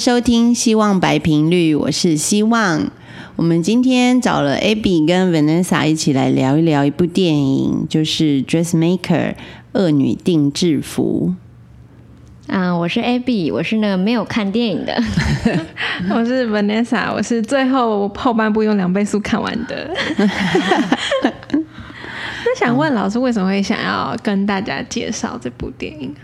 收聽希望白頻率，我是希望。我們今天找了 Abi 跟 Vanessa 一起來聊一聊一部電影，就是《Dressmaker》惡女訂製服。啊、呃，我是 Abi，我是那個沒有看電影的。 我是 Vanessa，我是最後後半部用兩倍速看完的。 那想問老師，為什麼會想要跟大家介紹這部電影？嗯、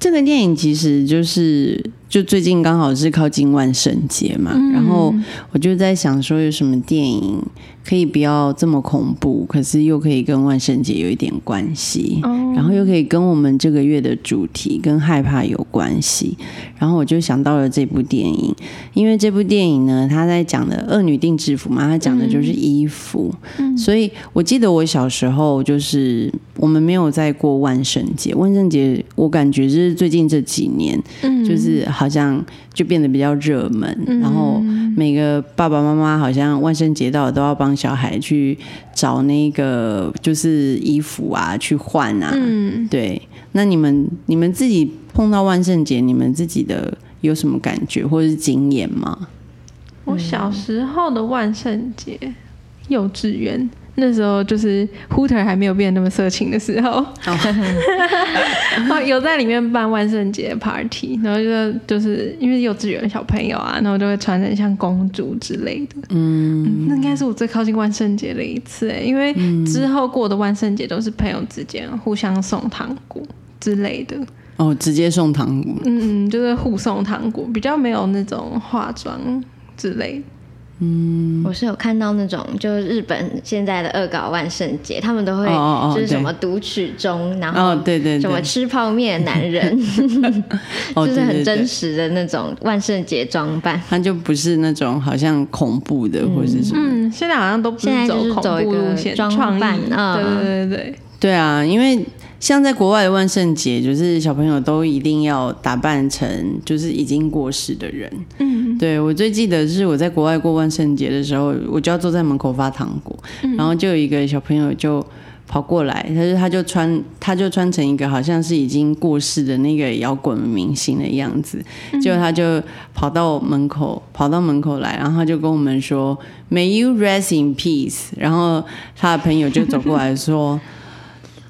這個電影其實就是。就最近剛好是靠近萬聖節嘛，嗯、然後我就在想說有什麼電影可以不要這麼恐怖，可是又可以跟萬聖節有一點關係，哦、然後又可以跟我們這個月的主題跟害怕有關係，然後我就想到了這部電影，因為這部電影呢，他在講的惡女訂製服嘛，他講的就是衣服，嗯、所以我記得我小時候就是我們沒有在過萬聖節，萬聖節我感覺就是最近這幾年，嗯，就是。好像就變得比較熱門，嗯，然後每個爸爸媽媽好像萬聖節到了都要幫小孩去找那個就是衣服啊，去換啊。嗯，對，那你們你們自己碰到萬聖節，你們自己的有什麼感覺或是經驗嗎？我小時候的萬聖節，幼稚園。那時候就是 Hooter 還沒有變那麼色情的時候，Oh. 然後有在裡面辦萬聖節 party，然後就是就是因為幼稚園小朋友啊，然後就會穿成像公主之類的。嗯，嗯，那應該是我最靠近萬聖節的一次哎、欸，因為之後過的萬聖節都是朋友之間互相送糖果之類的。哦，直接送糖果？嗯嗯，就是互送糖果，比較沒有那種化妝之類的。嗯，我是有看到那種，就是日本現在的惡搞萬聖節，他們都會就是什麼讀取中，哦哦對然後對對，什麼吃泡面的男人，哦、對對對 就是很真實的那種萬聖節裝扮，哦、對對對他就不是那種好像恐怖的或者什麼，嗯，現在好像都不是走恐怖路線是走裝扮，嗯、對對對對對啊，因為。像在國外的萬聖節，就是小朋友都一定要打扮成就是已經過世的人。嗯，對，我最記得是我在國外過萬聖節的時候，我就要坐在門口發糖果，嗯、然後就有一個小朋友就跑過來，他就他就穿他就穿成一個好像是已經過世的那個搖滾明星的樣子，結果他就跑到門口跑到門口來，然後他就跟我們說 “May you rest in peace”，然後他的朋友就走過來說。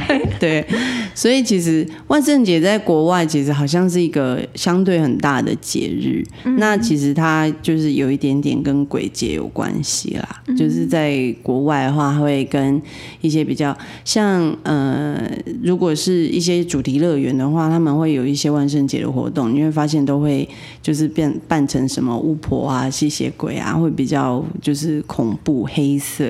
對，所以其實萬聖節在國外其實好像是一個相對很大的節日。嗯、那其實它就是有一點點跟鬼節有關係啦。嗯、就是在國外的話，會跟一些比較像呃，如果是一些主題樂園的話，他們會有一些萬聖節的活動。你會發現都會就是變扮成什麼巫婆啊、吸血鬼啊，會比較就是恐怖、黑色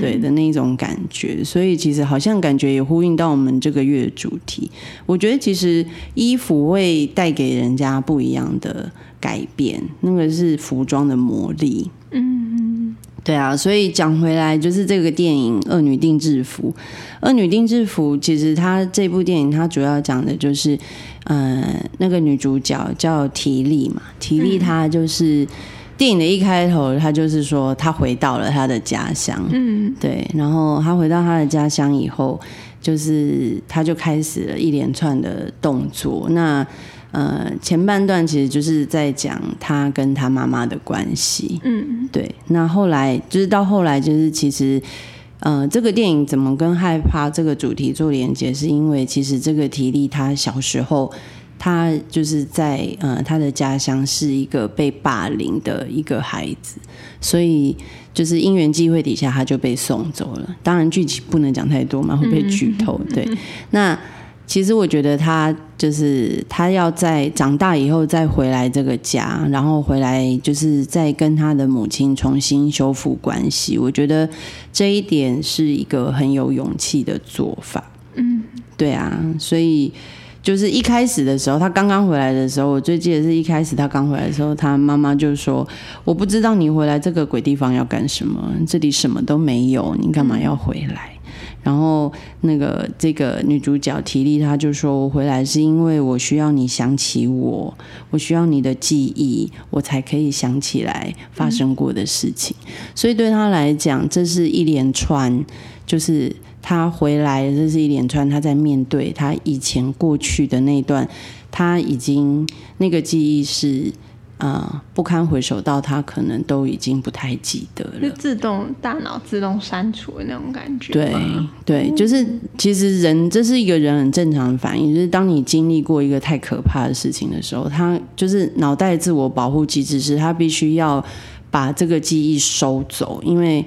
對的那種感覺。嗯、所以其實好像感覺也會。呼應到我們這個月的主題，我覺得其實衣服會帶給人家不一樣的改變，那個是服裝的魔力。嗯，對啊，所以講回來，就是這個電影《惡女訂製服》。《惡女訂製服》其實它這部電影它主要講的就是，呃，那個女主角叫堤莉嘛，堤莉她就是、嗯、電影的一開頭，她就是說她回到了她的家鄉。嗯，對，然後她回到她的家鄉以後。就是他就開始了一連串的動作。那呃，前半段其實就是在講他跟他媽媽的關係。嗯，對。那後來就是到後來就是其實，呃，這個電影怎麼跟害怕這個主題做連接？是因為其實這個堤莉他小時候。他就是在呃，他的家鄉是一個被霸凌的一個孩子，所以就是因緣際會底下，他就被送走了。當然，劇情不能講太多嘛，會被劇透。嗯嗯、對，那其實我覺得他就是他要在長大以後再回來這個家，然後回來就是再跟他的母親重新修復關係。我覺得這一點是一個很有勇氣的做法。嗯，對啊，所以。就是一開始的時候，他剛剛回來的時候，我最記得是一開始他剛回來的時候，他媽媽就說：“我不知道你回來這個鬼地方要幹什麼，這裡什麼都沒有，你幹嘛要回來？”然後那個這個女主角堤莉，她就說：“我回來是因為我需要你想起我，我需要你的記憶，我才可以想起來發生過的事情。嗯”所以對她來講，這是一連串就是。他回來，這是一連串。他在面對他以前過去的那一段，他已經那個記憶是啊、呃、不堪回首，到他可能都已經不太記得了。就自動大腦自動刪除的那種感覺。對對，就是其實人這是一個人很正常的反應，就是當你經歷過一個太可怕的事情的時候，他就是腦袋自我保護機制是，他必須要把這個記憶收走，因為。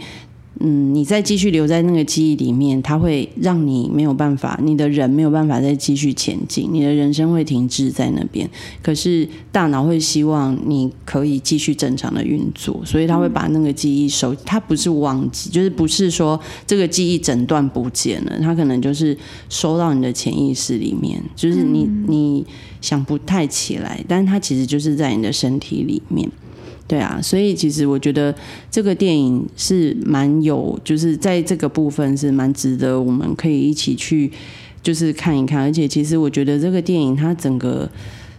嗯，你再繼續留在那個記憶裡面，它會讓你沒有辦法，你的人沒有辦法再繼續前進，你的人生會停滯在那邊。可是大腦會希望你可以繼續正常的運作，所以它會把那個記憶收，嗯、它不是忘記，就是不是說這個記憶整段不見了，它可能就是收到你的潛意識裡面，就是你你想不太起來，但是它其實就是在你的身體裡面。對啊，所以其實我覺得這個電影是蠻有，就是在這個部分是蠻值得我們可以一起去，就是看一看。而且其實我覺得這個電影它整個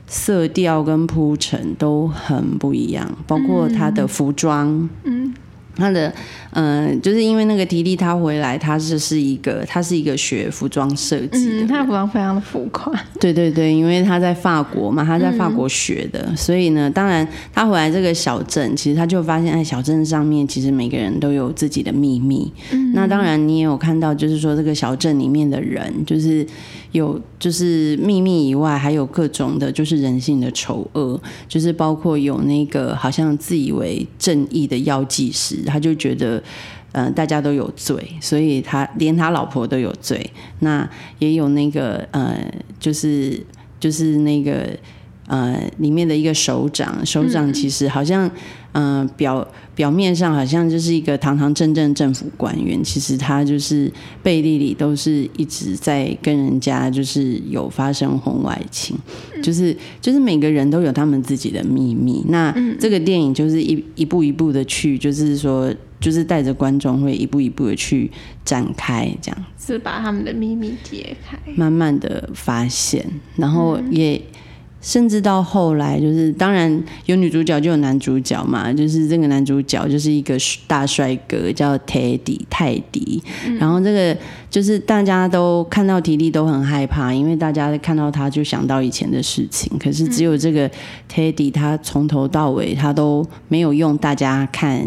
色調跟鋪陳都很不一樣，包括它的服裝，嗯。嗯他的嗯、呃，就是因為那個堤莉，他回來，他是是一個，他是一個學服裝設計的、嗯、他的服裝非常的浮誇。對對對，因為他在法國嘛，他在法國學的，嗯、所以呢，當然他回來這個小鎮，其實他就發現，在、哎、小鎮上面，其實每個人都有自己的秘密。嗯、那當然，你也有看到，就是說這個小鎮裡面的人，就是有就是秘密以外，還有各種的，就是人性的醜惡，就是包括有那個好像自以為正義的藥劑師。他就覺得，嗯、呃，大家都有罪，所以他連他老婆都有罪。那也有那個，嗯、呃，就是就是那個，呃，裡面的一個首長，首長其實好像。嗯、呃，表表面上好像就是一個堂堂正正政府官員，其實他就是背地裡都是一直在跟人家就是有發生婚外情，嗯、就是就是每個人都有他們自己的秘密。那這個電影就是一一步一步的去就，就是說就是帶着觀眾會一步一步的去展開這樣，是把他們的秘密揭開，慢慢的發現，然後也。嗯甚至到後來，就是當然有女主角就有男主角嘛，就是這個男主角就是一個大帥哥，叫 Teddy 泰迪。嗯、然後這個就是大家都看到堤莉都很害怕，因為大家看到他就想到以前的事情。可是只有這個 Teddy，他從頭到尾他都沒有用大家看，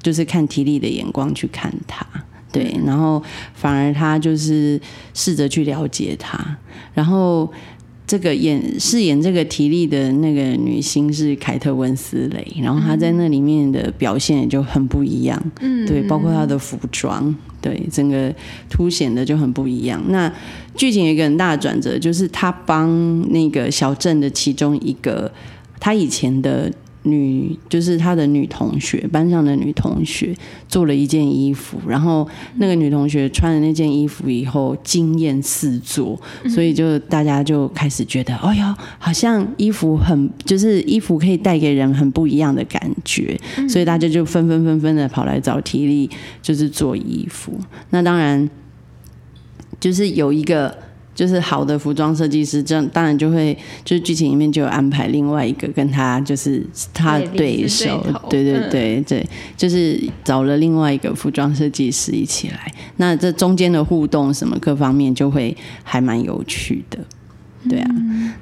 就是看堤莉的眼光去看他。對，然後反而他就是試着去了解他，然後。這個演飾演這個堤莉的那個女星是凱特溫斯蕾，然後她在那裡面的表現也就很不一樣，嗯、對，包括她的服裝，對，整個凸顯的就很不一樣。那劇情有一個很大的轉折就是她幫那個小鎮的其中一個，她以前的。女就是她的女同學，班上的女同學做了一件衣服，然後那個女同學穿了那件衣服以後驚艷四座，所以就大家就開始覺得，哎呀、嗯哼哦，好像衣服很，就是衣服可以帶給人很不一樣的感覺，所以大家就紛紛紛紛的跑來找堤莉，就是做衣服。那當然，就是有一個。就是好的服裝設計師，這樣當然就會，就是劇情裡面就有安排另外一個跟他就是他對手，對對對對對，就是找了另外一個服裝設計師一起來，那這中間的互動什麼各方面就會還蠻有趣的，對啊。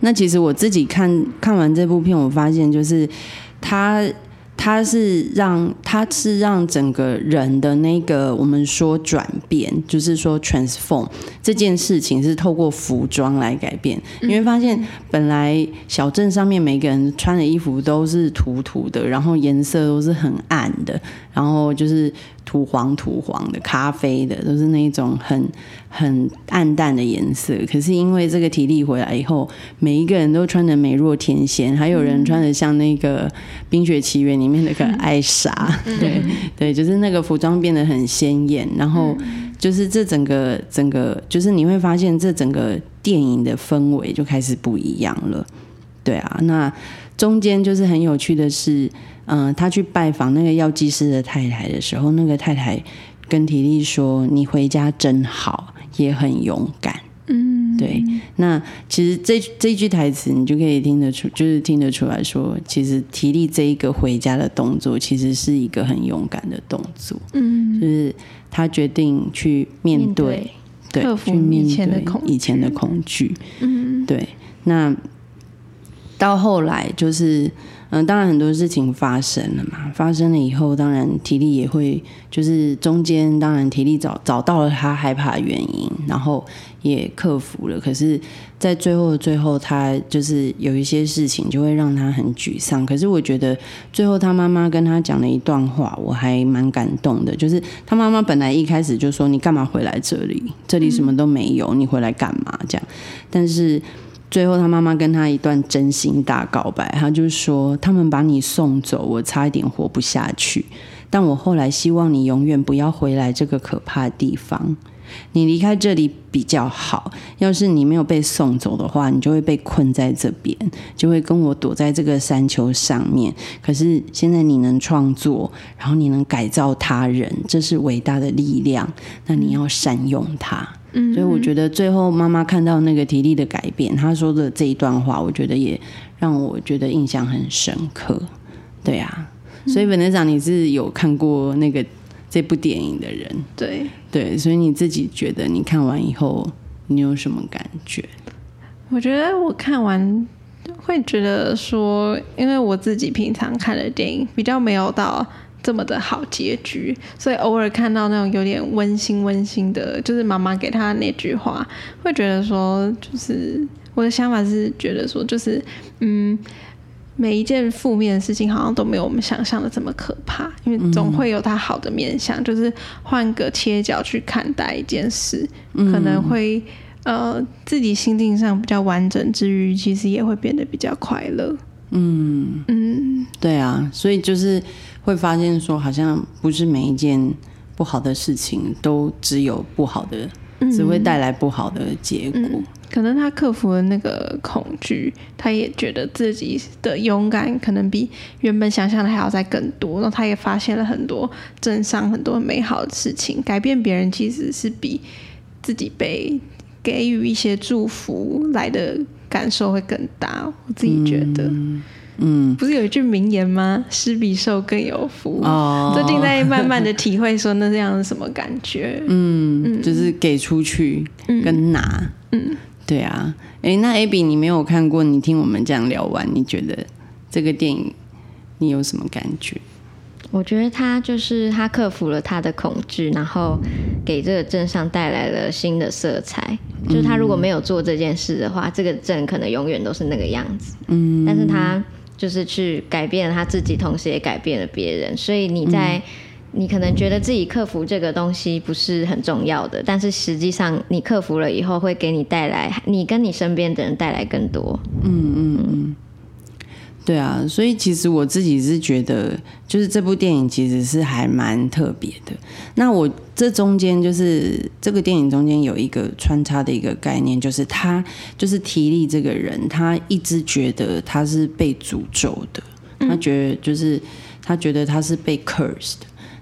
那其實我自己看看完這部片，我發現就是他。它是讓它是讓整個人的那個我們說轉變，就是說 transform 這件事情是透過服裝來改變。你會、嗯、發現，本來小鎮上面每個人穿的衣服都是土土的，然後顏色都是很暗的，然後就是。土黃土黃的，咖啡的，都是那種很很暗淡的顏色。可是因為這個堤莉回來以後，每一個人都穿得美若天仙，嗯、還有人穿得像那個《冰雪奇緣》裡面那個艾莎，嗯、對、嗯、對，就是那個服裝變得很鮮豔。然後就是這整個、嗯、整個，就是你會發現這整個電影的氛圍就開始不一樣了。對啊，那中間就是很有趣的是。嗯、呃，他去拜訪那個藥劑師的太太的時候，那個太太跟堤莉說：“你回家真好，也很勇敢。”嗯，對。那其實這這一句台詞，你就可以聽得出，就是聽得出來說，其實堤莉這一個回家的動作，其實是一個很勇敢的動作。嗯，就是他決定去面對，面對，對，克服以前的恐，以前的恐懼。對。嗯，對。那到後來就是。嗯，當然很多事情發生了嘛，發生了以後，當然堤莉也會，就是中間當然堤莉找找到了他害怕的原因，然後也克服了。可是，在最後的最後，他就是有一些事情就會讓他很沮喪。可是我覺得，最後他媽媽跟他講了一段話，我還蠻感動的。就是他媽媽本來一開始就說：“你幹嘛回來這裡？這裡什麼都沒有，你回來幹嘛？”這樣，但是。最後，他媽媽跟他一段真心大告白，他就說：“他們把你送走，我差一點活不下去。但我後來希望你永遠不要回來這個可怕的地方，你離開這裡比較好。要是你沒有被送走的話，你就會被困在這邊，就會跟我躲在這個山丘上面。可是現在你能創作，然後你能改造他人，這是偉大的力量。那你要善用它。”所以我覺得最後媽媽看到那個堤莉的改變，嗯、哼她說的這一段話，我覺得也讓我覺得印象很深刻。對啊，所以本台長，你是有看過那個這部電影的人，對對，所以你自己覺得你看完以後你有什麼感覺？我覺得我看完會覺得說，因為我自己平常看的電影比較沒有到。這麼的好結局，所以偶爾看到那種有點溫馨溫馨的，就是媽媽給她那句話，會覺得說，就是我的想法是覺得說，就是嗯，每一件負面的事情好像都沒有我們想象的這麼可怕，因為總會有它好的面向，嗯、就是換個切角去看待一件事，可能會、嗯、呃自己心境上比較完整之餘，其實也會變得比較快樂。嗯嗯，嗯對啊，所以就是。會發現說，好像不是每一件不好的事情都只有不好的，只會帶來不好的結果。嗯嗯、可能他克服了那個恐懼，他也覺得自己的勇敢可能比原本想象的還要再更多。然後他也發現了很多鎮上很多美好的事情，改變別人其實是比自己被給予一些祝福來的感受會更大。我自己覺得。嗯嗯，不是有一句名言嗎？“施比受更有福。”哦，最近在慢慢的體會說那這樣是什麼感覺？嗯，嗯就是給出去跟拿，嗯，嗯對啊。哎、欸，那 Abby，你沒有看過？你聽我們這樣聊完，你覺得這個電影你有什麼感覺？我覺得他就是他克服了他的恐懼，然後給這個鎮上帶來了新的色彩。就是他如果沒有做這件事的話，這個鎮可能永遠都是那個樣子。嗯，但是他。就是去改變他自己，同時也改變了別人。所以你在、嗯、你可能覺得自己克服這個東西不是很重要的，但是實際上你克服了以後，會給你帶來你跟你身邊的人帶來更多。嗯嗯嗯。對啊，所以其實我自己是覺得，就是這部電影其實是還蠻特別的。那我這中間就是這個電影中間有一個穿插的一個概念，就是他就是堤莉這個人，他一直覺得他是被詛咒的，嗯、他覺得就是他覺得他是被 cursed。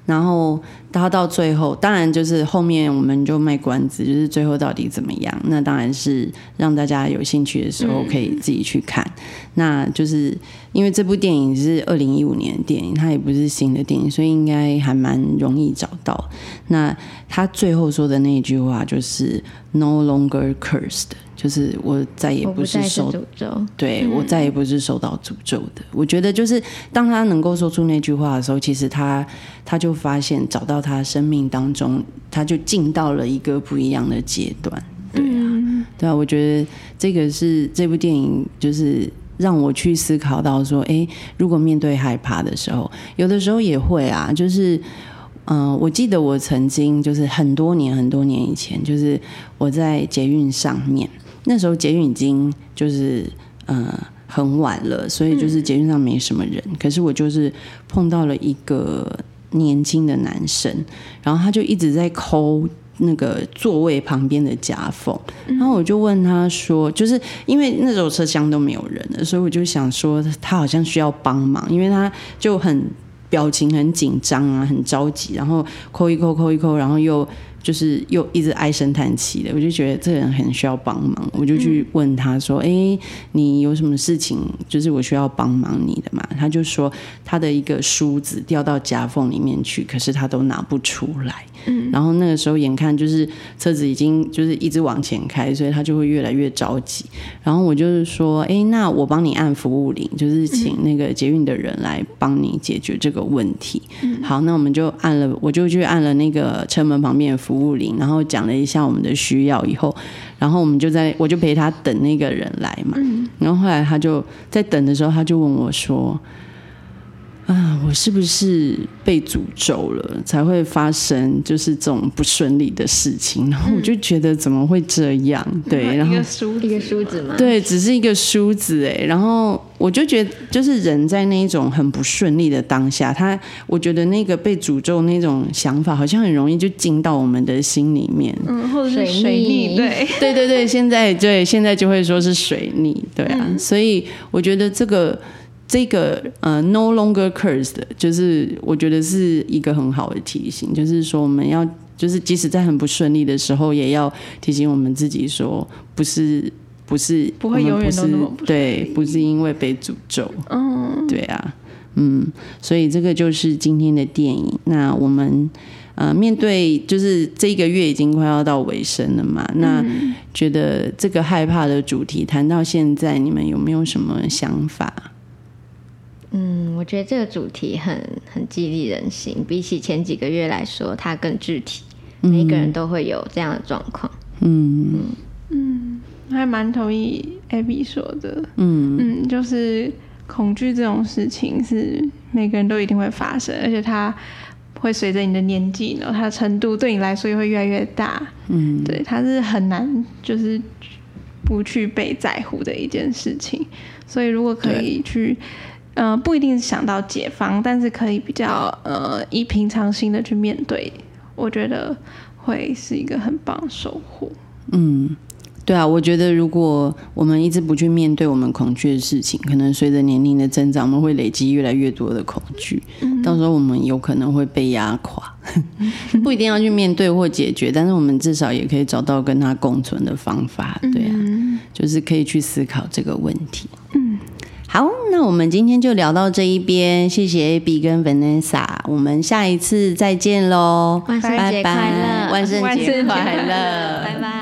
然後他到最後，當然就是後面我們就賣關子，就是最後到底怎麼樣？那當然是讓大家有興趣的時候可以自己去看。嗯那就是因為這部電影是二零一五年的電影，它也不是新的電影，所以應該還蠻容易找到。那他最後說的那一句話就是 “No longer cursed”，就是我再也不是受詛咒，對我再也不是受到詛咒的。嗯、我覺得就是當他能夠說出那句話的時候，其實他他就發現找到他生命當中，他就進到了一個不一樣的階段。對啊，嗯、對啊，我覺得這個是這部電影就是。讓我去思考到說，誒，如果面對害怕的時候，有的時候也會啊。就是，嗯、呃，我記得我曾經就是很多年很多年以前，就是我在捷運上面，那時候捷運已經就是嗯、呃，很晚了，所以就是捷運上沒什麼人。嗯、可是我就是碰到了一個年輕的男生，然後他就一直在摳。那個座位旁邊的夾縫，嗯、然後我就問他說，就是因為那時候車廂都沒有人了，所以我就想說他好像需要幫忙，因為他就很表情很緊張啊，很着急，然後摳一摳，摳一摳，然後又就是又一直唉聲嘆氣的，我就覺得這個人很需要幫忙，我就去問他說：“哎、嗯欸，你有什麼事情？就是我需要幫忙你的嘛？”他就說他的一個梳子掉到夾縫裡面去，可是他都拿不出來。嗯，然後那個時候眼看就是車子已經就是一直往前開，所以他就會越來越着急。然後我就是說，哎，那我幫你按服務鈴，就是請那個捷運的人來幫你解決這個問題。嗯、好，那我們就按了，我就去按了那個車門旁邊的服務鈴，然後講了一下我們的需要以後，然後我們就在我就陪他等那個人來嘛。然後後來他就在等的時候，他就問我說。啊，我是不是被詛咒了才會發生就是這種不順利的事情？嗯、然後我就覺得怎麼會這樣？對，然後一梳，然後一個梳子嗎？對，只是一個梳子哎。然後我就覺得，就是人在那一種很不順利的當下，他我覺得那個被詛咒那種想法，好像很容易就進到我們的心裡面。嗯，或者是水逆，對對對對，現在對現在就會說是水逆，對啊。嗯、所以我覺得這個。這個呃，no longer cursed，就是我覺得是一個很好的提醒，就是說我們要，就是即使在很不順利的時候，也要提醒我們自己說，不是不是不會永遠都那麼不，不對，不是因為被詛咒，嗯，對啊，嗯，所以這個就是今天的電影。那我們呃，面對就是這個月已經快要到尾聲了嘛，那覺得這個害怕的主題談到現在，你們有沒有什麼想法？嗯，我覺得這個主題很很激勵人心。比起前幾個月來說，它更具體。每個人都會有這樣的狀況。嗯嗯嗯，還蠻同意 Abby 說的。嗯嗯，就是恐懼這種事情是每個人都一定會發生，而且它會隨着你的年紀呢，然後它的程度對你來說也會越來越大。嗯，對，它是很難就是不去被在乎的一件事情。所以如果可以去。嗯、呃，不一定想到解放，但是可以比較呃，以平常心的去面對，我覺得會是一個很棒的收穫。嗯，對啊，我覺得如果我們一直不去面對我們恐懼的事情，可能隨着年齡的增長，我們會累積越來越多的恐懼。嗯，嗯，到時候我們有可能會被壓垮。 不一定要去面對或解決，但是我們至少也可以找到跟他共存的方法。對啊，嗯嗯，就是可以去思考這個問題。好，那我們今天就聊到這一邊，謝謝 AB 跟 Vanessa，我們下一次再見嘍，拜拜，萬聖節快樂，萬聖節快樂，拜拜。